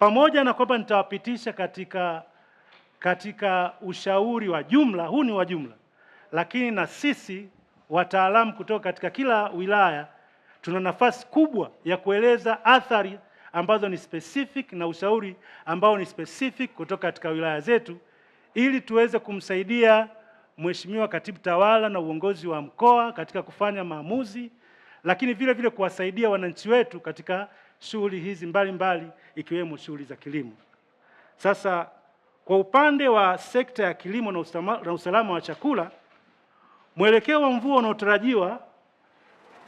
pamoja na kwamba nitawapitisha katika, katika ushauri wa jumla, huu ni wa jumla, lakini na sisi wataalamu kutoka katika kila wilaya tuna nafasi kubwa ya kueleza athari ambazo ni specific na ushauri ambao ni specific kutoka katika wilaya zetu ili tuweze kumsaidia Mheshimiwa Katibu Tawala na uongozi wa mkoa katika kufanya maamuzi, lakini vile vile kuwasaidia wananchi wetu katika shughuli hizi mbalimbali ikiwemo shughuli za kilimo. Sasa kwa upande wa sekta ya kilimo na usalama wa chakula, mwelekeo wa mvua unaotarajiwa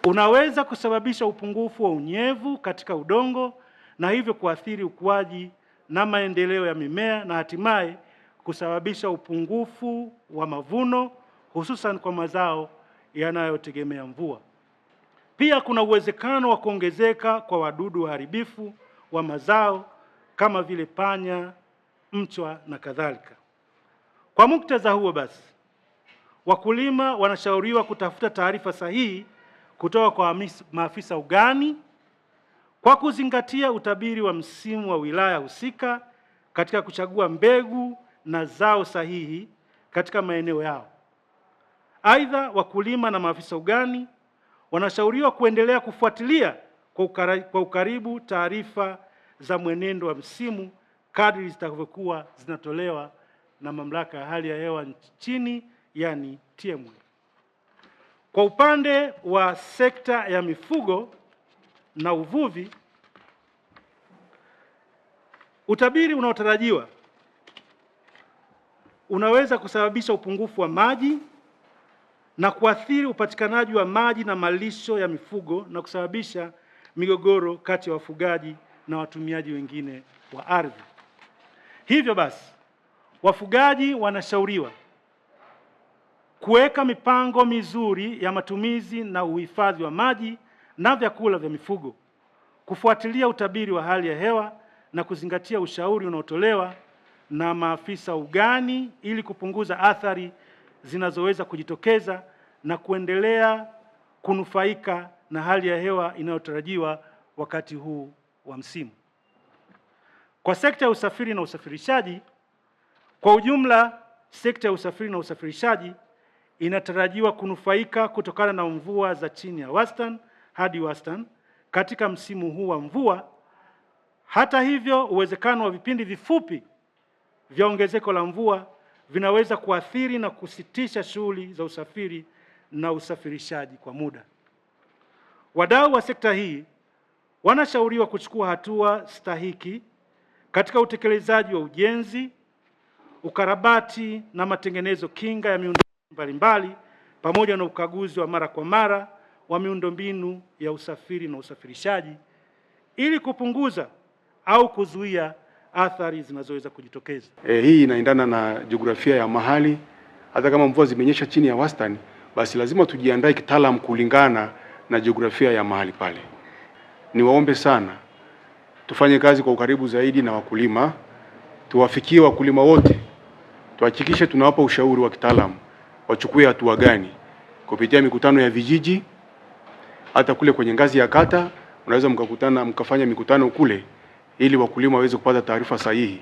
unaweza kusababisha upungufu wa unyevu katika udongo na hivyo kuathiri ukuaji na maendeleo ya mimea na hatimaye kusababisha upungufu wa mavuno hususan kwa mazao yanayotegemea mvua. Pia kuna uwezekano wa kuongezeka kwa wadudu waharibifu wa mazao kama vile panya, mchwa na kadhalika. Kwa muktadha huo basi, wakulima wanashauriwa kutafuta taarifa sahihi kutoka kwa maafisa ugani kwa kuzingatia utabiri wa msimu wa wilaya husika katika kuchagua mbegu na zao sahihi katika maeneo yao. Aidha, wakulima na maafisa ugani wanashauriwa kuendelea kufuatilia kwa ukaribu taarifa za mwenendo wa msimu kadri zitakavyokuwa zinatolewa na Mamlaka ya Hali ya Hewa nchini, yani TMA. Kwa upande wa sekta ya mifugo na uvuvi, utabiri unaotarajiwa unaweza kusababisha upungufu wa maji na kuathiri upatikanaji wa maji na malisho ya mifugo na kusababisha migogoro kati ya wafugaji na watumiaji wengine wa ardhi. Hivyo basi, wafugaji wanashauriwa kuweka mipango mizuri ya matumizi na uhifadhi wa maji na vyakula vya mifugo, kufuatilia utabiri wa hali ya hewa na kuzingatia ushauri unaotolewa na maafisa ugani ili kupunguza athari zinazoweza kujitokeza na kuendelea kunufaika na hali ya hewa inayotarajiwa wakati huu wa msimu. Kwa sekta ya usafiri na usafirishaji kwa ujumla, sekta ya usafiri na usafirishaji inatarajiwa kunufaika kutokana na mvua za chini ya wastani hadi wastani katika msimu huu wa mvua. Hata hivyo, uwezekano wa vipindi vifupi vya ongezeko la mvua vinaweza kuathiri na kusitisha shughuli za usafiri na usafirishaji kwa muda. Wadau wa sekta hii wanashauriwa kuchukua hatua stahiki katika utekelezaji wa ujenzi, ukarabati na matengenezo kinga ya miundombinu mbalimbali pamoja na ukaguzi wa mara kwa mara wa miundombinu ya usafiri na usafirishaji ili kupunguza au kuzuia athari zinazoweza kujitokeza. E, hii inaendana na jiografia ya mahali. Hata kama mvua zimenyesha chini ya wastani, basi lazima tujiandae kitaalamu kulingana na jiografia ya mahali pale. Niwaombe sana tufanye kazi kwa ukaribu zaidi na wakulima, tuwafikie wakulima wote, tuhakikishe tunawapa ushauri wa kitaalamu, wachukue hatua gani kupitia mikutano ya vijiji, hata kule kwenye ngazi ya kata, unaweza mkakutana mkafanya mikutano kule ili wakulima waweze kupata taarifa sahihi.